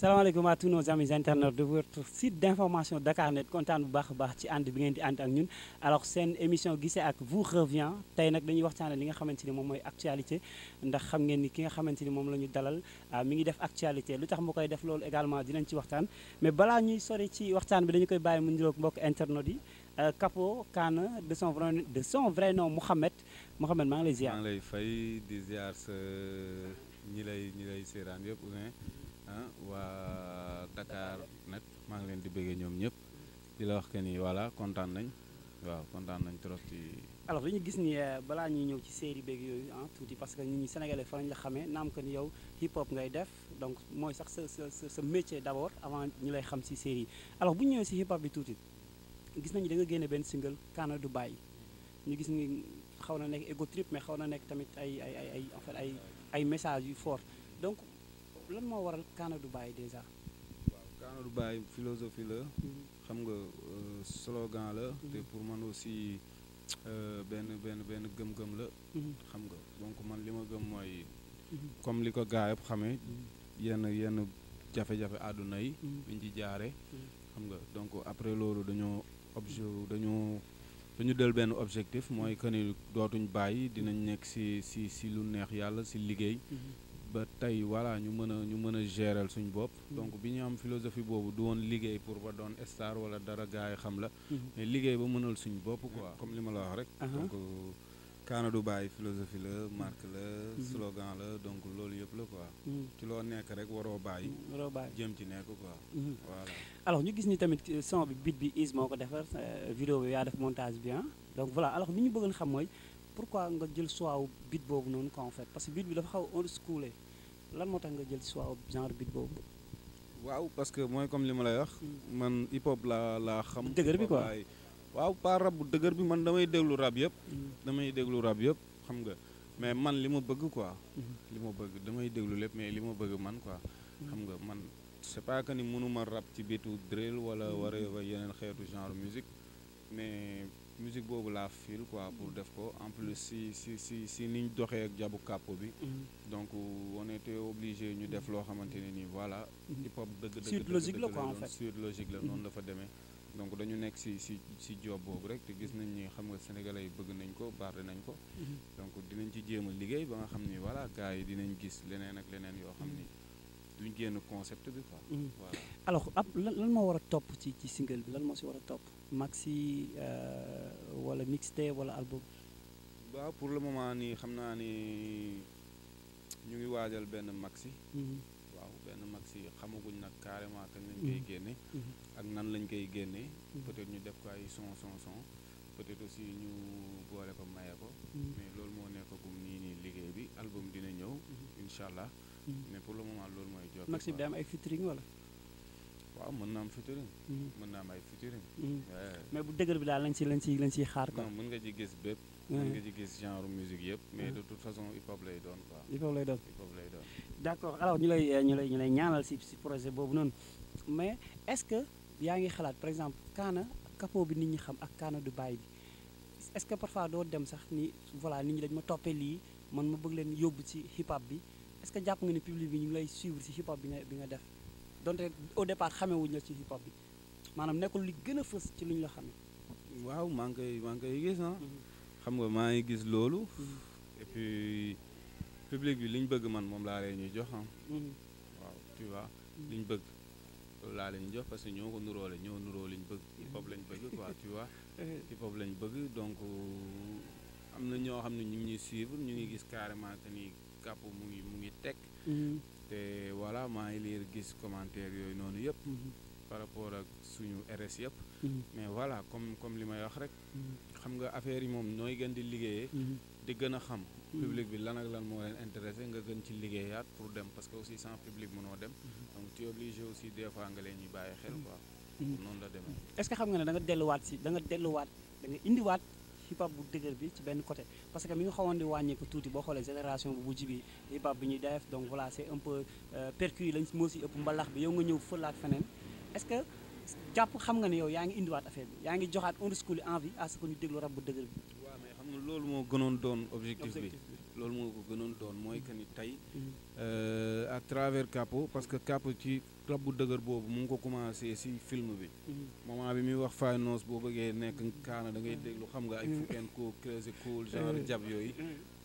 salaamaaleykum à tous nos amis internautes de votre site d'information Dakarnet kontaan bu baax a baax ci ànd bi ngeen di ànd ak ñun alors seen émission gisee ak vous revient tey nag dañuy waxtaane li nga xamante ni moom mooy actualité ndax xam ngeen ni ki nga xamante ni moom la ñu dalal ah, mi ngi def actualité lu tax moo koy def loolu également dinañ ci waxtaan mais balaa ñuy sori ci waxtaan bi dañu koy bàyyi mu niroog mbokk internautes yi euh, Capo Kana de son vrai de son vrai nom Mouhamed maa ngi lay ziar. maa ngi lay fay di ziar sa ñi ah waa Dakar net maa ngi leen di bëggee ñoom ñëpp di la wax que ni voilà kontaan nañ waaw kontaan nañ trop ci. alors dañu gis ni euh, balaa ñuy ñëw ci série beeg yooyu ah tuuti parce que ñu ñi Sénégalais fa lañ la xamee naam que ni yow hip hop ngay def donc mooy sax sa sa sa métier d' abord avant ñu lay xam si série yi alors bu ñu ñëwee si hip hop bi tuuti gis nañu danga nga génne benn single Kaana du bàyyi ñu gis ni xaw na nekk ego trip mais xaw na nekk tamit ay ay ay ay ay messages yu fort lan moo waral Kaana du bàyyi déjà. waaw Kaana du bàyyi philosophie la. Mm-hmm. xam nga euh, slogan la. Mm-hmm. te pour man aussi euh, benn benn benn gëm-gëm la. Mm-hmm. xam nga donc man li ma gëm mooy. comme li ko gaa yëpp xamee. yenn yenn jafe-jafe àdduna yi. biñ ci jaare xam nga donc après loolu dañoo obje dañoo dañu del benn objectif mooy que ni dootuñ bàyyi dinañ nekk si si si lu neex yàlla si liggéey. ba tey voilà ñu mën a ñu mën a gérer suñu bopp mm-hmm. donc bi ñu am philosophie boobu du woon liggéey pour ba doon star wala dara gaay xam la mm-hmm. mais liggéey ba mënal suñu bopp ko comme li ma la wax rek uh-huh. donc Kaana du bàyyi philosophie la marque la mm-hmm. slogan la donc loolu yëpp la quoi ci loo nekk rek waroo bàyyi waroo bàyyi jëm ci nekk quoi voilà alors ñu gis ni tamit euh, son bi bit bi is moo ko defar euh, vidéo bi yaa def montage bien donc voilà alors li ñu bëggoon xam mooy pour pourquoi nga jël choix bit boobu noonu quoi en fait parce que beat bi dafa xaw old school lan moo tax nga jël choix wu genre beat boobu. waaw parce que mooy comme li ma lay wax. Hmm. man hip hop laa laa xam. bu dëgër bi quoi waaw pas rab bu dëgër bi man damay déglu rab yëpp. Hmm. damay déglu rab yëpp xam nga mais man li ma bëgg quoi. Hmm. li ma bëgg damay déglu lépp mais li ma bëgg man quoi. xam nga man c'est pas que ni mënuma rab ci bitu drill wala wala yeneen xeetu genre musique mais. musique boobu laa fil quoi pour def ko en plus si si si si niñ doxee ak jabu kàpp bi. Mm-hmm. donc on était obligé ñu def loo xamante ne nii voilà. Mm-hmm. hip hop dëgg dëgg suite logique la quoi en fait suite logique la noonu la mm-hmm. fa demee. donc dañu nekk si si si job boobu rek te gis nañ ni xam nga sénégalais yi bëgg nañ ko baare nañ ko. donc dinañ ci jéem a liggéey ba nga xam ni voilà gars yi dinañ gis leneen ak leneen yoo xam ni. duñ génn concept bi quoi. Mhm. voilà alors ab lan lan moo war a topp ci ci single bi lan moo si war a topp maxi euh, wala mixtape wala album. waaw pour le moment nii xam naa ni ñu ngi waajal benn maxi. Mhm. waaw benn maxi xamaguñ nag carrément kañ lañ mhm. koy génne. ak nan lañ koy génne. peut ñu def ko ay son son son. peut-être ñu boole ko maye ko. Mm-hmm. mais loolu moo nekk nekkagum nii nii liggéey bi album dina ñëw. Mm-hmm. incha allah. Mm-hmm. mais pour le moment loolu mooy. jokkoo Maxime day am ay featuring wala. waaw mën naa am featuring. mën naa am ay featuring. mais bu dëgër bi daal lañ si lañ si lañ siy xaar quoi. non mën nga ci gis bépp. mën nga ci gis genre musique yëpp. mais de toute façon hip hop lay doon quoi. hip lay doon hip hop lay doon. d'accord alors ñu lay ñu lay ñu lay ñaanal si si projet boobu noonu mais est-ce que yaa ngi xalaat par exemple Kaana. capot bi nit ñi xam ak kaana du baay bi est-ce que parfois doo dem sax ni voilà nit ñi dañ ma toppee lii man ma bëgg leen yóbbu ci hip hop bi est que jàpp nga ni public bi ñu ngi lay suivre ci hip hop bi nga bi def donte au départ la ci hip hop maanaam nekkul li gën a fës ci lu ñu la xamee. waaw maa ngi koy maa ngi gis ah. Mm-hmm. xam nga maa ngi gis loolu. Mm-hmm. et puis bi li ñu bëgg man moom laa leen ñuy jox ah. Mm-hmm. waaw tu bëgg. loolu laa leen jox parce que ñoo ko nuróole ñoo nuroo lañu bëgg hip lañu lañ bëgg quoi tu vois hip hop lañ bëgg donc am na ñoo xam ne ñu ngi ñuy suivre ñu ngi gis carrément que ni kàpp mu ngi mu ngi teg mm-hmm. te voilà maa ngi liir gis commentaire yooyu noonu yëpp mm-hmm. par rapport ak suñu RS yëpp mm-hmm. mais voilà comme comme li may wax rek xam nga affaire yi moom nooy gën di liggéeye di gën a xam hmm. public bi lan ak lan moo leen intéressé nga gën ci liggéeyaat pour dem parce que aussi sans public mënoo dem hmm. donc tu es aussi des nga leen ñuy bàyyi xel hmm. quoi noonu la demee est xam nga ne da nga delluwaat si da nga delluwaat da nga indiwaat hip hop bu dëgër bi ci benn côté parce que mi nga xawoon di wàññeeku tuuti boo xoolee génération bu mujj bi hip hop bi ñuy def donc voilà c'est un peu euh, percu yi lañ moo si ëpp mbalax bi yow nga ñëw fëlaat feneen est jàpp xam nga ne yow yaa ngi indiwaat affaire bi yaa ngi joxaat on risque envie à ce que ñu déglu rab bu dëgër bi. waaw nga loolu moo gënoon doon objectif bi loolu moo ko gënoon doon mooy que ni tey mhm. euh, à travers Capo parce que Capo ci rab bu dëgër boobu mu ngi ko commencé si film bi. Mhm. moment bi muy wax finance boo bëggee nekk kaana da ngay déglu xam nga ay mhm. fukkeen ko crazy cool genre jab yooyu.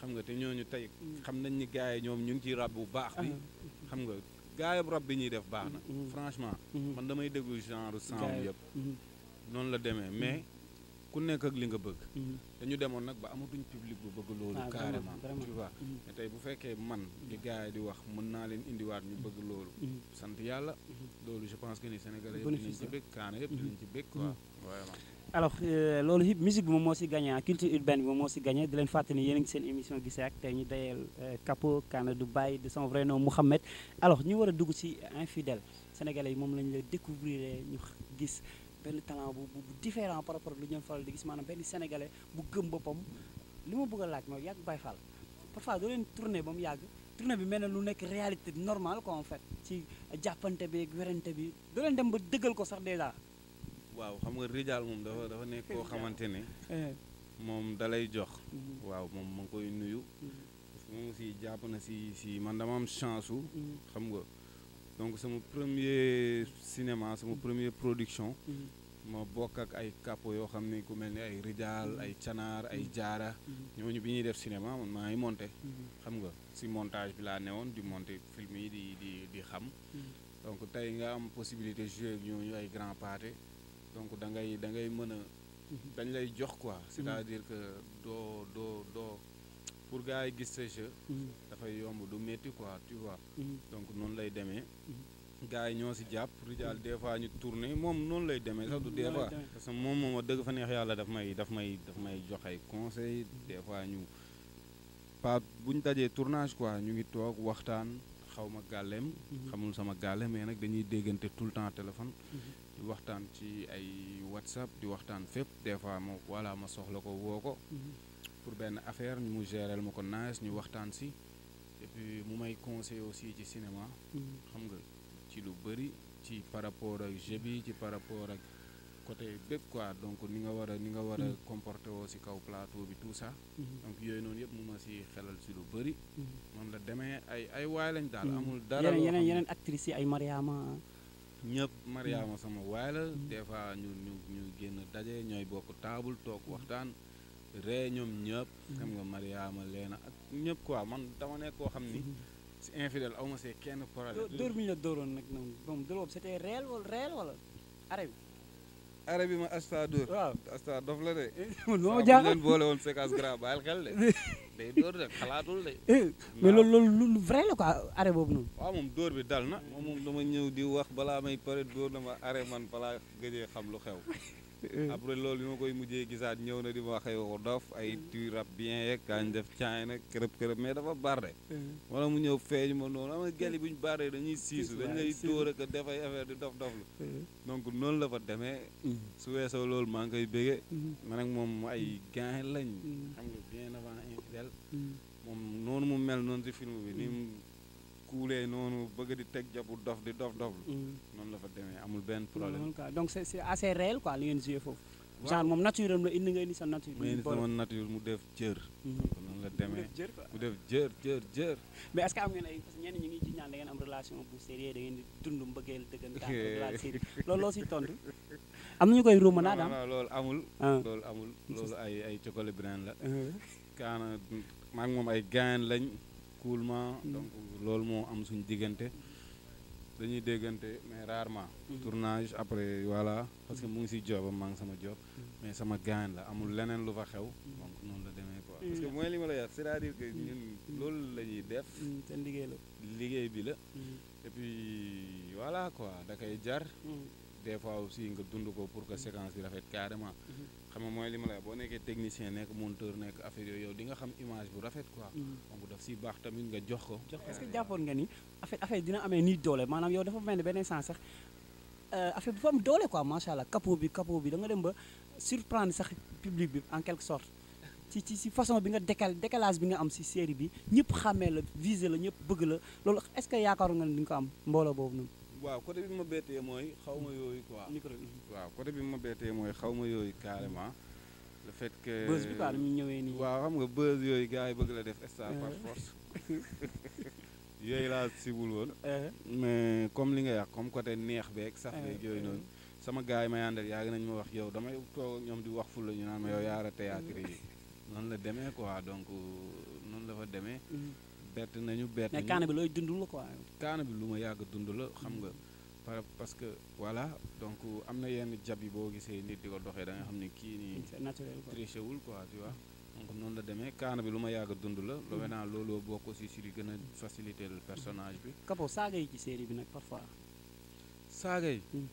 xam nga te ñooñu tey xam nañ ni gars yi ñoom ñu ngi ciy rab bu baax bi uh-huh. xam nga. gaayam rab bi ñuy def baax na mm-hmm. franchement mm-hmm. man damay déglu genre sound yëpp mm-hmm. noonu la demee mais ku nekk ak li nga bëgg dañu demoon nag ba amatuñ public bu bëgg loolu ah, carrément tu vois mais tey bu fekkee man li gars di wax mën naa leen indiwaat ñu bëgg loolu sant yàlla loolu je pense que ni sénégalais yëpp dinañ ci bëgg kaana yëpp dinañ ci bëgg quoi alors euh, loolu hip musique bi moom moo si gagné ah, culture urbaine bi moom moo si gagné di leen fàttali yéen a ngi seen émission gisee ak tey ñu dayal euh, Capo Kana du Baye de son vrai nom Mouhamed ñu war a dugg si infidel sénégalais yi moom lañ leen découvrir ñu gis benn talent bu bu différent par rapport lu ñu faral di gis maanaam benn sénégalais bu gëm boppam li ma bugg a laaj mooy yàgg Baye Fall parfois doo leen tourné ba mu yàgg tourné bi mel na lu nekk réalité normale quoi fait ci jàppante bi werante bi doo dem ba dëggal ko sax déjà waaw xam nga rijaal moom dafa dafa nekk koo xamante ne. Eh. moom dalay jox. Mm-hmm. waaw moom ma koy nuyu. Mm-hmm. parce que si aussi jàpp na si si man dama am chance su. Mm-hmm. xam nga donc sama premier cinéma sama première production. ma bokk ak ay capo yoo xam ne ku mel ni ay rijaal ay canaar ay jaara. ñooñu bi ñuy def cinéma man maa monté. xam nga si montage bi laa newoon di monté film yi di di di xam. donc tey nga am possibilité jouer ñooñu ay grand pâté. donc da ngay da mën a dañ lay jox quoi mm-hmm. c'est-à-dire que doo doo doo pour gars yi gis sa jeu mm-hmm. dafay yomb du métti quoi tu vois mm-hmm. donc noonu lay demee gars yi ñoo si jàpp Rijal des fois ñu tourné moom noonu lay demee sax du des fois parce moom moom a dëgg fa neex yàlla daf may daf may daf may jox ay conseil des fois ñu pas bu ñu dajee tournage quoi ñu ngi toog waxtaan xaw ma gàlleem mhm. xamul sama gàlle mais nag dañuy déggante tout le temps téléphone mhm. di waxtaan ci ay whatsapp di waxtaan fépp des fois ma voilà ma soxla ko woo ko mhm. pour benn affaire mu géreel ma ko nice ñu waxtaan si et mu may conseiller aussi ci cinéma xam nga ci lu bëri ci par rapport ak jeu ci par rapport ak côté bépp quoi donc ni nga war a ni nga war a mm-hmm. comporté woo si kaw plateau bi tout sax mm-hmm. donc yooyu noonu yëpp mu ma si xelal si lu bëri man mm-hmm. la demee ay ay waay lañ daal amul dara yeneen yeneen actrices yi ay Mariama ñëpp Mariama sama waay la des fois ñu ñu génn daje ñooy bokk taabul toog waxtaan ree ñoom ñëpp dem nga Mariama leena ak ñëpp quoi man dama nekk koo xam ni si infidèle awma see kenn problème dóor bi ñu la dooroon nag noonu moom dóor boobu c'était réel wala réel wala arrêt bi arabi ma asta dóor. waaw asta dof la de. man ma jaaxal leen boole woon séquence grave bàyyil xel de. day dóor de xalaatul de. Eh, mais loolu lu vrai la quoi arrêt boobu noonu. waaw moom dóor bi dal na moom moom dama ñëw di wax balaa may pare dóor na ma arrêt man balaa gëjee xam lu xew. Euh. après loolu bi ma koy mujjee gisaat ñëw na di ma waxee waxu dof ay euh. tuy rab bien yeeg kaañ def caay nag kërëb kërëb mais dafa barre euh. wala mu ñëw feeñu ma noonu ama gali bu ñu barre dañuy siisu dañ lay dóor ak def ay affaire di dof dof la donc noonu la fa demee mm. su weesoo loolu maa ngi koy bége mm. man ak moom ay gain lañ mm. xam nga bien avant infidèle moom noonu mu mel noonu si film bi ni kuulee noonu bëgg di teg jabu dof di dof dof. Mm. noonu la fa demee amul benn problème. donc c'est c'est assez réel quoi am la da ngeen am da ngeen na ñu koy ruuma naa daal ah. loolu amul. loolu ay ay chocolat la. Uh-huh. kaana maa moom ay gaan lañ. coolement mm-hmm. donc loolu moo am suñu diggante dañuy déggante mais rarement mm-hmm. tournage après voilà parce que mu ngi si jobam maa ngi sama job mm-hmm. mais sama gaañ la amul leneen lu fa xew donc noonu la demee quoi parce que mooy li ma la wax c'est-à-dire ñun loolu la def seen liggéey la liggéey bi la et puis voilà quoi da koy jar des fois aussi nga dund ko pour que séquence bi rafet carrément. Mhm. xam nga mooy li boo nekkee technicien nekk monteur nekk affaire yooyu yow di nga xam image bu rafet quoi. Mhm. donc si baax tamit nga jox ko. jox ko est nga ni affaire affaire dina amee nii doole maanaam yow dafa mel ni beneen sens sax euh, affaire bi dafa am doole quoi macha allah kapo bi kapo bi da nga dem ba surprendre sax public bi en quelque sorte. ci ci ci façon bi nga décal décalage bi nga am ci série bi ñëpp xàmmee la visé la ñëpp bëgg la loolu est-ce que yaakaar nga ni di am mbooloo boobu noonu. waaw côté bi ma betee mooy xaw ma yooyu quoi. waaw côté bi ma bettee mooy xaw yooyu carrément. le fait que buzz bi quoi waaw xam nga buzz yooyu gars yi bëgg la def star par eh. force. yooyu laa sibul woon. Eh. mais comme li nga wax comme côté neex beeg sax eh, beeg yooyu noonu. sama gars yi may àndal yàgg nañ ma wax yow damay toog ñoom di wax fu la ñu naan ma yow yaara théâtre yi. Mm. noonu la demee quoi donc euh, noonu la fa demee. Mm. bett nañu bett kaana bi looy dund la quoi. kaana bi lu ma yàgg dund la xam nga par parce que voilà donc am na yenn jab yi boo gisee nit di ko doxee da xam ne kii nii. c'est naturel quoi triché wul quoi tu vois. noonu la demee kaana bi lu ma yàgg dund la. lu mm. naa looloo boo ko si li gën a faciliter personnage bi. Capo saaga yi ci série bi nag parfois. saaga yi. Mm.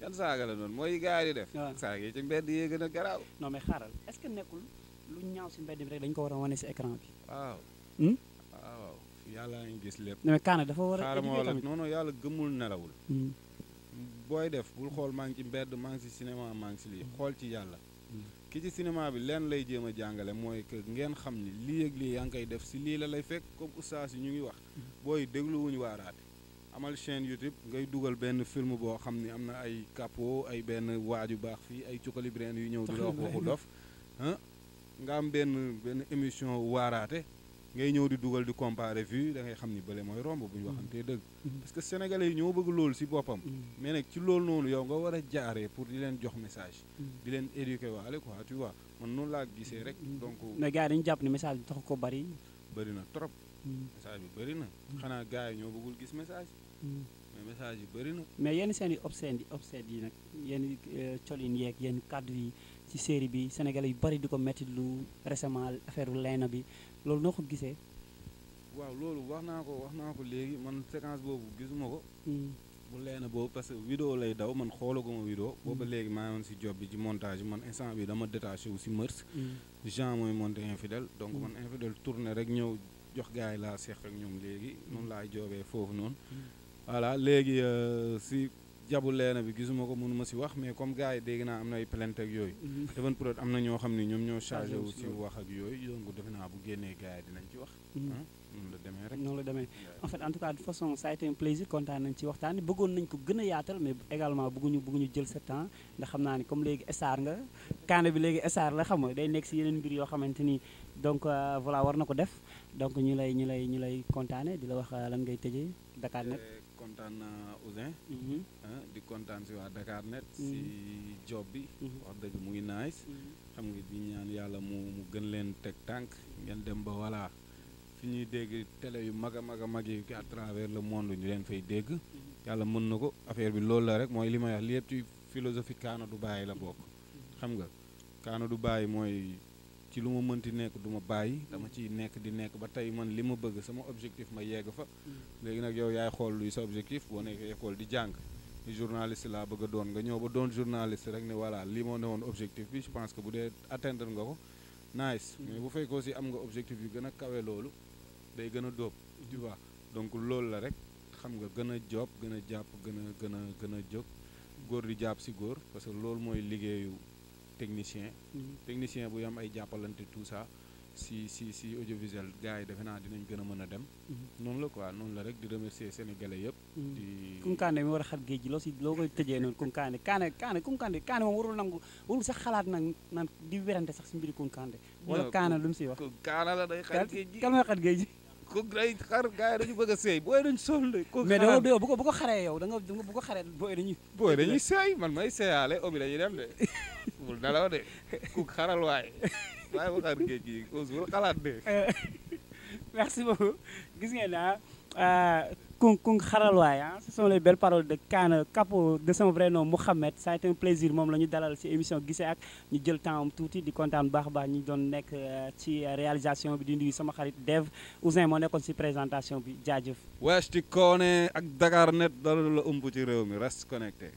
ah saaga la noonu mooy gars yi di def. waaw saaga yi ci mbedd yee gën a garaaw. non may xaaral est-ce que nekkul. lu ñaaw si mbedd bi rek dañ ko war a wane si écran bi. waaw. Hmm? waaw yàlla nañ gis lépp. mais Kaana dafa war a éduquer tamit non non yàlla gëmul nelawul. Hmm. booy def bul xool maa ngi ci mbedd maa ngi si cinéma maa lii xool ci yàlla. Hmm. ki ci cinéma bi leen lay jéem a jàngale mooy kër ngeen xam ni lii yëg lii yaa ngi koy def si lii la lay fekk comme ussa yi ñu ngi wax. booy dégluwuñu waaraate amal chaîne YouTube ngay dugal benn film boo xam ni am na ay capot ay benn waaju baax fii ay cuqali yu ñëw di la wax nga am benn benn émission waaraate ngay ñëw di dugal di comparer vue da ngay xam ni bële mooy romb bu ñu mm-hmm. waxantee dëgg. Mm-hmm. parce que sénégalais yi ñoo bëgg loolu si boppam. Mm-hmm. mais nag ci loolu noonu yow nga war a jaaree pour di leen jox message. di leen éduquer waale quoi tu vois man noonu laa gisee rek. donc mais gaa yi dañu jàpp ne message bi tax ko bari. bëri na trop. message bi bëri na. xanaa gars yi ñoo bëggul gis message. mais message yi bëri na. mais yenn seen i obscènes yi obscènes yi nag yenn euh, colin yeeg yenn kàddu yi. ci série bi sénégalais yu bari di ko métti lu récemment affaire Leyna bi loolu noo ko gisee. waaw loolu wax naa ko wax naa ko léegi man séquence boobu gisuma ko. Hmm. bu Leyna boobu parce que vidéo lay daw man xoolaguma vidéo. Hmm. boobu léegi maa ngi woon si job bi ci montage man instant bi dama détaché wu si mœurs. Hmm. Jean mooy monté infidèle donc man infidèle tourné rek ñëw jox gars yi laa seq rek ñoom léegi noonu laay joobee foofu noonu. voilà léegi euh, si. jabu leena bi gisuma ko mënuma si wax mais comme gars yi dégg naa am na ay plainte ak yooyu. Mhm. Even Prod am na ñoo xam ne ñoom ñoo chargé wu si wax ak yooyu donc defe naa bu génnee gars dinañ ci wax. Mhm. Ah, noonu la demee rek noonu la demee en fait en tout cas de façon ça a été plaisir kontaan nañ ci waxtaan bëggoon nañ ko gën a yaatal mais également bëgguñu jël sa ndax xam naa ni comme léegi star nga kaana bi léegi star la xam day nekk si kontaan naa Ouzin. Mhm. Ah, di kontaan si waa Dakar Net. si mhm. job bi. Mhm. wax dëgg mu ngi nice. xam nga di ñaan yàlla mu mu gën leen teg tànk ngeen dem ba voilà fi ñuy dégg tele yu mag a mag a mag yi à travers le monde ñu leen fay dégg. yàlla mën na ko affaire bi loolu la rek mooy li may wax li yëpp ci philosophie kaana du bàyyi la bokk. xam nga kaana du bàyyi mooy. ci lu ma mënti nekk du ma bàyyi dama ciy nekk di nekk ba tey man li ma bëgg sama objectif ma yegg fa mm. léegi nag yow yaay xool luy sa objectif boo nekkee école di jàng ni journaliste laa bëgg a doon nga ñëw ba doon journaliste rek ne voilà li moo ne woon objectif bi je pense que bu dee atteindre nga ko nice mm. mais bu fekkee aussi am nga objectif yu gën a kawe loolu day gën a dóob tu vois donc loolu la rek xam nga gën a job gën a jàpp gën a gën a gën a jóg góor di jàpp si góor parce que loolu mooy liggéeyu technicien technicien bu am ay jàppalante tout ça si si si audiovisuel gars yi defe naa dinañ gën a mën a dem mm-hmm. noonu la quoi noonu la rek di remercier sénégalais yëpp mm-hmm. di Kounkandé mi war a xar géej gi loo si loo koy tëjee noonu Kounkandé Kandé Kandé Kounkandé Kandé warul nangu warul sax xalaat nag naan di sax si mbiri Kounkandé lu mu si wax Kandé la day xar géej gi kan mooy xar géej gi ku day xar gars yi dañu bëgg a seey booy dañu sol de mais da bu ko bu ko xaree yow da nga bu ko xaree booy dañuy booy dañuy seey man may seeyaale obi dañuy dem de pour nelaw de kuk xaral waay waaye ba xar géej gi bul xalaat de merci beaucoup gis ngeen ah Kung Kung xaralwaay ah ce sont les belles paroles de Kaana Kapo de son vrai nom Mouhamed ça plaisir moom la ñu dalal ci émission gisee ak ñu jël temps tuuti di kontaan baax a baax ñu doon nekk eh, ci réalisation bi di nuyu sama xarit Dev Ousin moo nekkoon ci présentation bi jaajëf. wees ti koone ak Dakar net dara la ëmb ci réew mi reste connecté